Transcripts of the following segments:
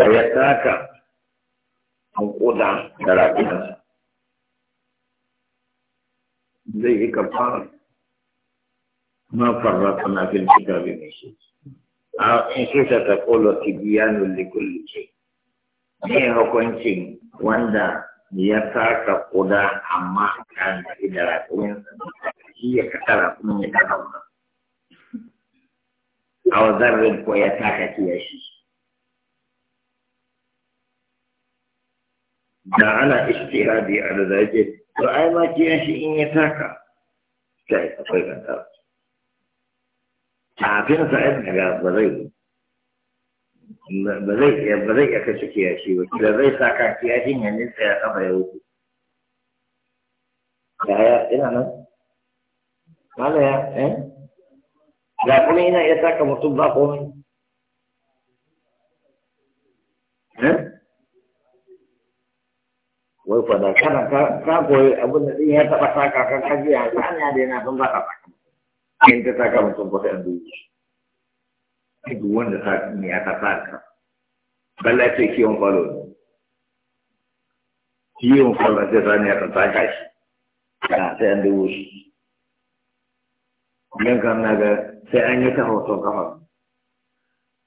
da ya taka an koda da rafinansa zai yi kafara ma farra tana fin cika bin shi a in shi ta takolo tibiyanun likulli ce ne hukuncin wanda ya taka kuda amma kan da rafinansa shi ya kasa rafinan ya kasa wani a wazarin ko ya taka kiyashi da ana istihadi a da zaje to ai ma kiyan shi in ya taka sai akwai kanta kafin sa ai daga ba zai ba zai iya kashe zai iya kashe ba kila zai saka kiyashin ya nitsa ya kafa ya wuce yaya ina nan mana ya eh da kuma ina iya taka mutum ba komai eh wai kwada kana ka koyi abin da ya taɓa saka kan kaji a sanya da yana son ka in ta saka mutum ko sai an duk wanda ta ne ya ta saka balla ce kiwon falo ne kiwon falo sai sani ya ta saka shi kana sai an dubi shi don kan na ga sai an yi ta hoton kafa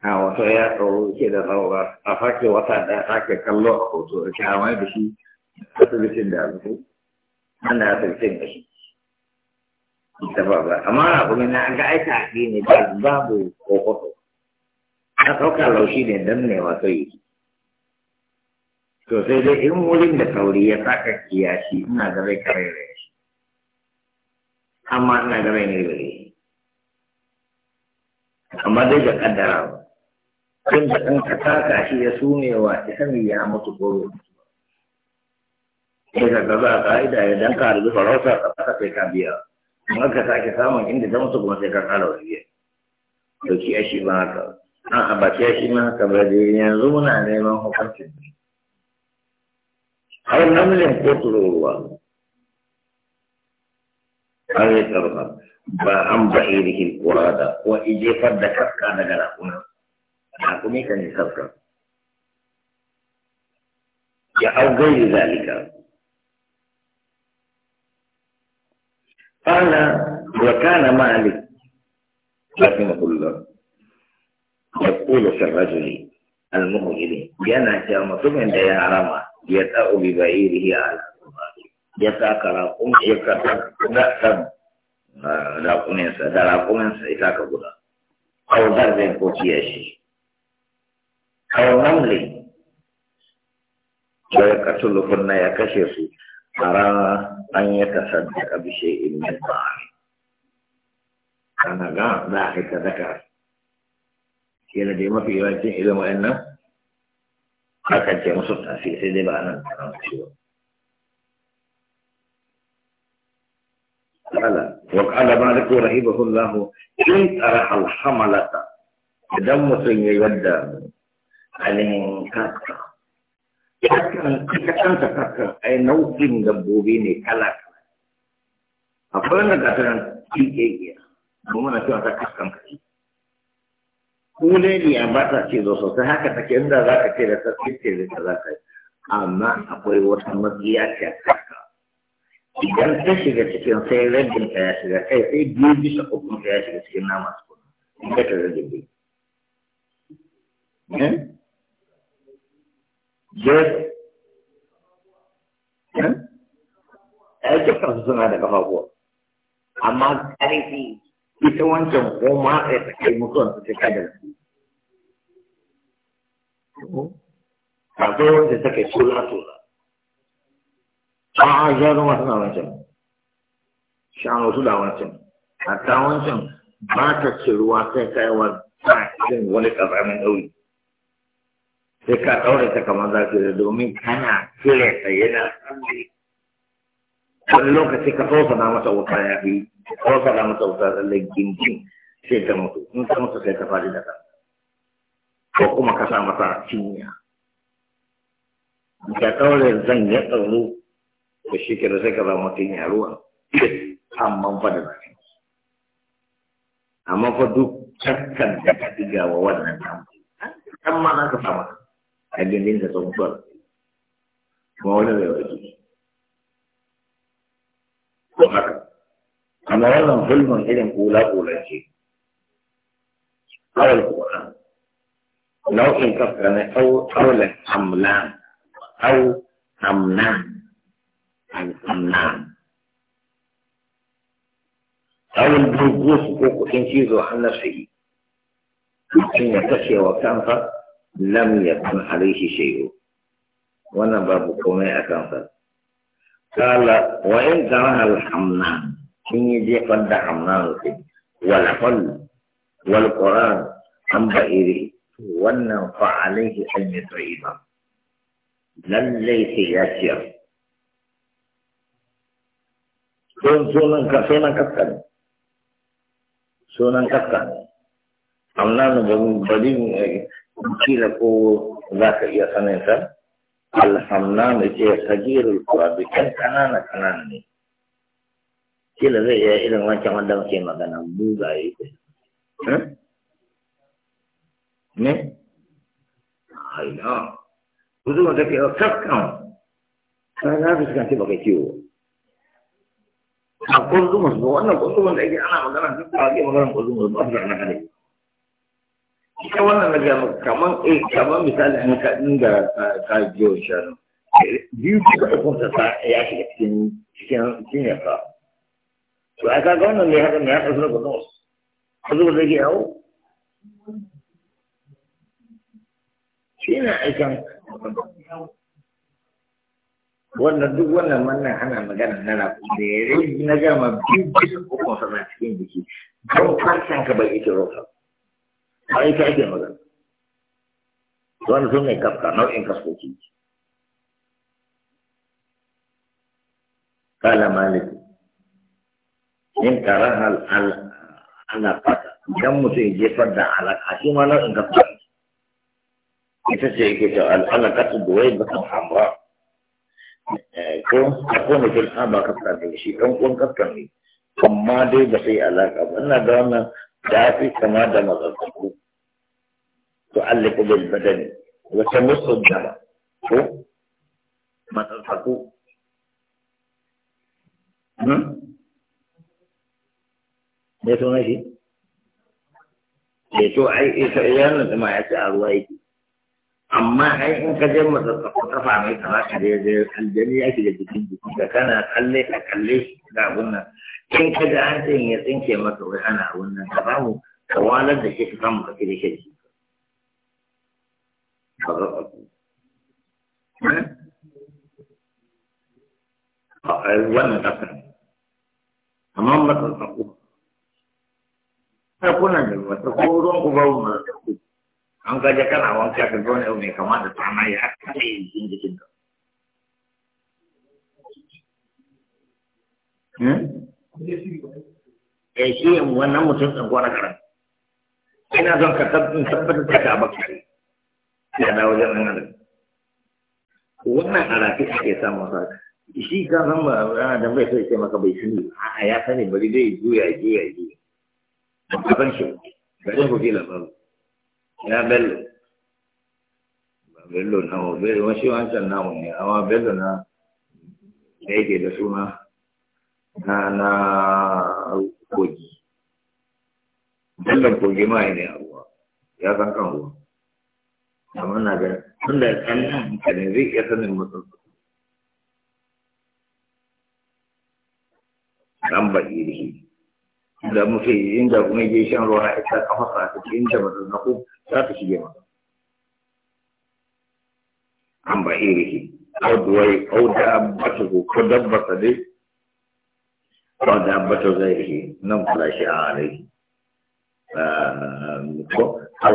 a wato ya tsoro ke da tsawo a sake wata sake kallo a hoto kyamai da shi asibitin da abu ana asibitin da shi ba amma ga aika a ne ba babu kokoto laushi ne don ne dai in wurin da kauri ya saka kiyashi ina ga amma ina da ba tun da ɗan ƙasa saka shi ya sumewa ita ya mutu ko sai ka ga za a ka'ida idan ka harbi farauta ka sai ka biya in aka sake samun inda ta mutu kuma sai ka wani biya to ki shi ba haka a'a ba ki shi ma haka ba dai yanzu muna neman hukuncin ne har namlin ko tururuwa an yi tsarfa ba an ba'i rikin kura da ko ijefar da kaska daga rakuna rakumi kan yi kaska ya au yi zalika قال وكان مالك رحمه الله يقول في الرجل المهجر yana cewa mutumin da ya harama ya ta'u bi ba'irihi ala ya taka raƙum ya kata da sab raƙumin sa da sa ita ya kashe su tara an ya tasaddaka bi shay'in min ta'am kana ga za ka sadaka kila dai mafi yawancin irin wa'annan akan ce musu tafi sai dai ba nan kana shi ba قال وقال مالك رحمه الله إن طرح الحملة دم سن يودى عليهم kakan kakan kakan ai nau'in dabbobi ne kala kala akwai wanda ga ta kike kuma na cewa ta kakan kai kuleliya ba ta ce zo sosai haka take inda za ka ce da ta ce da ta za ka yi amma akwai wata matsiya ce kaka idan ta shiga cikin sai rabin ta ya shiga kai sai biyu bisa uku ta ya shiga cikin nama su kuma ta rabin biyu eh? jeb ya eh? yi eh, kansu suna da kafafuwa amma ƙarfi ita wancan ko matsa ta kai mutuwan su cika da su kafin wanda ta kai tula tula a a jarin wasu na wancan shanu su da wancan A ta wancan ba ta ci sai kai wa ta wani ƙasamin ɗauri sai ka ɗaure ta kamar za da domin kana cire ta yana wani lokaci ka tsosa na masa wuta ya fi tsosa na masa wuta tsalle jin sai ta mutu in ta mutu sai ta faɗi da ko kuma ka sa masa cinya ka ɗaure zan ya tsaro da shi ke da sai ka zama mutum ya ruwa amma fa da zafi amma fa duk cakkan da ka diga wa wannan damu amma na ka sa masa a gindin ka kuma wani bai warke ko haka amma wannan fulman irin kula kula ce awal kuma nau'in kafka na awalan amlan au amnan al'amnan أول بروز وكوكو تنشيزه عن نفسه حين تشي kansa. lam yakun alaihi shay'u wannan babu komai a kansa kala wa in kana alhamna kin yi jefar da hamna su wal hal wal qur'an an ba'iri wannan fa alaihi an tayyiba lallai sai ya ciyar don sunan ka sunan kaskan sunan kaskan amma na bari kila ko za iya sanin ta alhamnan ce sagirul kurabi kan kanana kanana ne kila zai iya irin wancan wanda muke magana buga bugaye hmm? ne haina kuzo da ke kakkan oh, kana fuskanci baka kiwo a kunzumus ba wannan kunzumus da ake ana magana duk da ake magana kunzumus ba su da ana ne ita wannan na gama kamar eh kamar misali an ka inda ka biyo shanu biyu ce ka ɗaukun ta ya shiga cikin cikin cikin ya fa to a kaga wannan ne haka ne ya ɗauki daga nos ka zuba zai yau shi ne aikan wannan duk wannan wannan ana magana na rafi da ya rai na gama biyu bisa ukun sa cikin jiki don farsan ka bai ita rosa ba ta ake magana wani sun ne kafka nau'in kafkoki kala malik in karan alaƙa idan mutum jefar da alaƙa shi ma nau'in kafka ita ce yake cewa ka ta duwai ba kan hamra eh, ko a kone filha ba kafka ne shi ɗan ƙon kafka ne amma dai ba sai alaƙa ba ina da wannan ta fi kama da matsatsaku تعلق بالبدن وتمص الدم شو ما تلحقوا ليش ماشي da اي ايان a يسعى الله amma ai in ka je matsatsafa kafa mai kaza ka je je aljani ya shiga jikin jiki ka kana kalle ka kalle shi da abun nan in ka ga an ya tsinke maka wai ana wannan nan ka mu ka walar da shi ka samu ka kire فغضبوا ah, eh, wannan kasa ne amma ba ta tsako sai kuna da wata ko ruwan ku ba mu an ga je kana wanka ka gona yau mai kama da tsana ya haka ne yin jikin ka eh shi wannan mutum ɗan gwara karan ina zon ka tabbatar da ka bakari ya dawo nan nan wannan arafi ake samun sa shi ka san ba rana da bai sai maka bai sani a ya sani bari zai juya juya juya ba san shi zai ku kila ba ya bello ba bello na wa bello wani shi wancan namu ne amma bello na da yake da suna na na kogi bello kogi ma ne a ruwa ya san kan ruwa amma na ga tun da kallon ka ne zai iya sanin matsalolin kan baki da shi da muke inda kuma shan ruwa ita kafasa ta ce inda ba ta za ta shige an bata ko da bata zai shi nan a alai ah, ko au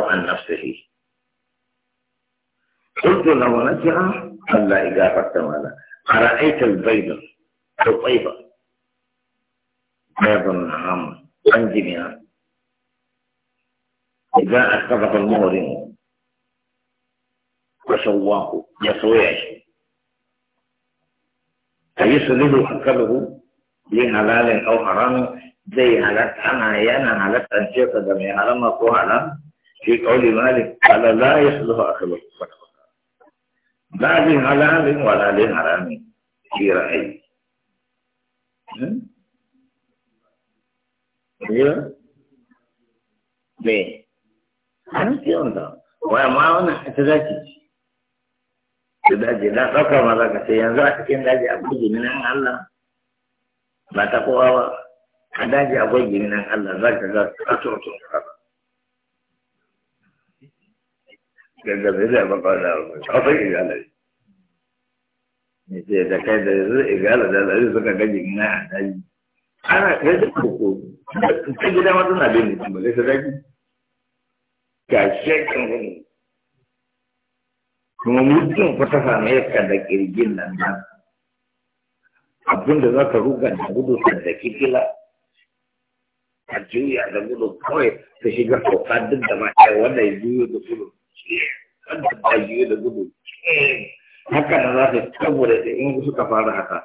قلت لو رجع ألا إجابة مالا أرأيت البيضة الطيبة بيض النعم أنجمها إذا أخذه المغرم وسواه يسويه أيسلل أكله بحلال أو حرام زي حالات أنا يانا حالات أنشطة دمي حرام أو في قول مالك قال لا يصلح أكله فكره لا لحلال ولا لحرام في رأيي Iya? Me? An ce yanzu a cikin daji akwai jiminan Allah. Ba a daga ce zai daji ana kai da ta kuma ta ka da kirgin nan nan abinda za ka ruga gudu ka da kikila a kawai ta shiga kofa da wanda ya da da bajiyo da gudu haka na za ta saboda da in suka fara haka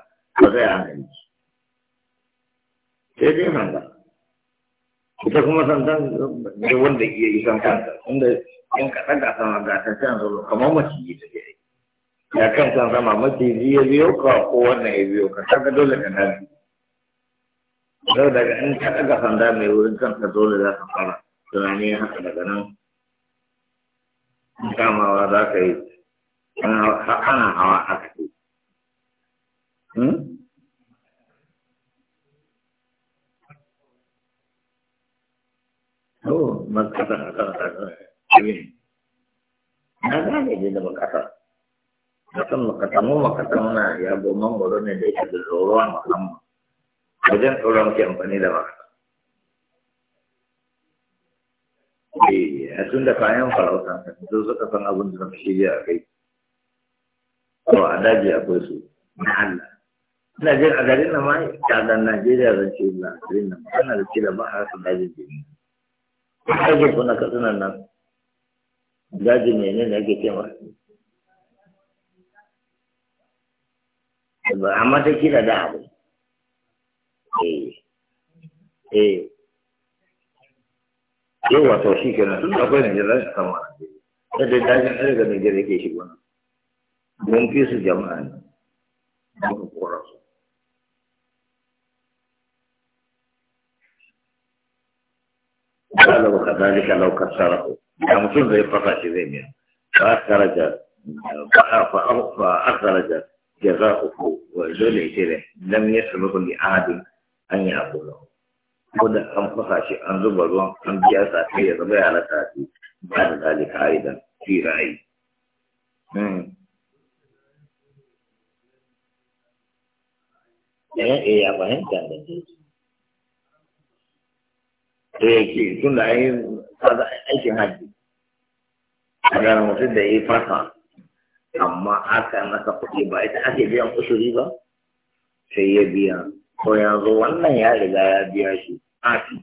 ba zai hankali sai dai sanda ita kuma sanda ne wanda iya yi san kanta inda in ka ɗaga sama ga ta can zo kamar maciji ta ke ya kan san sama maciji ya biyo ka ko wannan ya biyo ka kaga dole ka nabi Yau daga in ka ɗaga sanda mai wurin kanka dole za ka fara tunani haka daga nan kamawa za ka yi ana hawa haka hmm? Oh, makasar haka haka. Na gane ne da makasar. Mutum makatamu makatamu na ya goma goro ne da yake da tsoro a musamman. Wajen tsoron ke amfani da makasar. tun da kayan farauta sun suka san abin da zama shirya a kai to a daji akwai su na Allah ina jin a garin nan ta kadan Najeriya zan ce ina garin nan kana da kila ba a su dajin jini ake kuna katsunan nan daji ne ne ake ce ma amma ta kila da abu eh eh yawa to shi kenan tun akwai Najeriya za su samu a Najeriya da dajin ɗaya ga Najeriya ke shi ba mun fi su jama'a ne muka kora su قال وكذلك لو كسره يعني كل ذي قطع شيء فأخرج فأخرج جزاؤه وذل إليه لم يسبق لأحد أن يقوله ko da an fasa shi an zuba ruwan an biya sa kai ya zama ya lata shi ba da zalika aidan fi ra'ayi eh eh ya fahimta da ke da yake tun da yi aikin hajji a gara mutum da ya yi fasa amma aka masa kuɗi ba ita ake biyan usuri ba sai ya biya ko yanzu wannan ya riga ya biya shi afi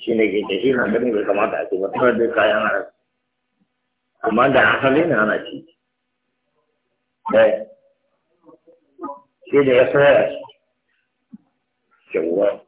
shi ne ke shi na gani bai kamata a ce ba tare da kayan harar amma da hasali ne ana ci da shi da ya soya shi kyauwa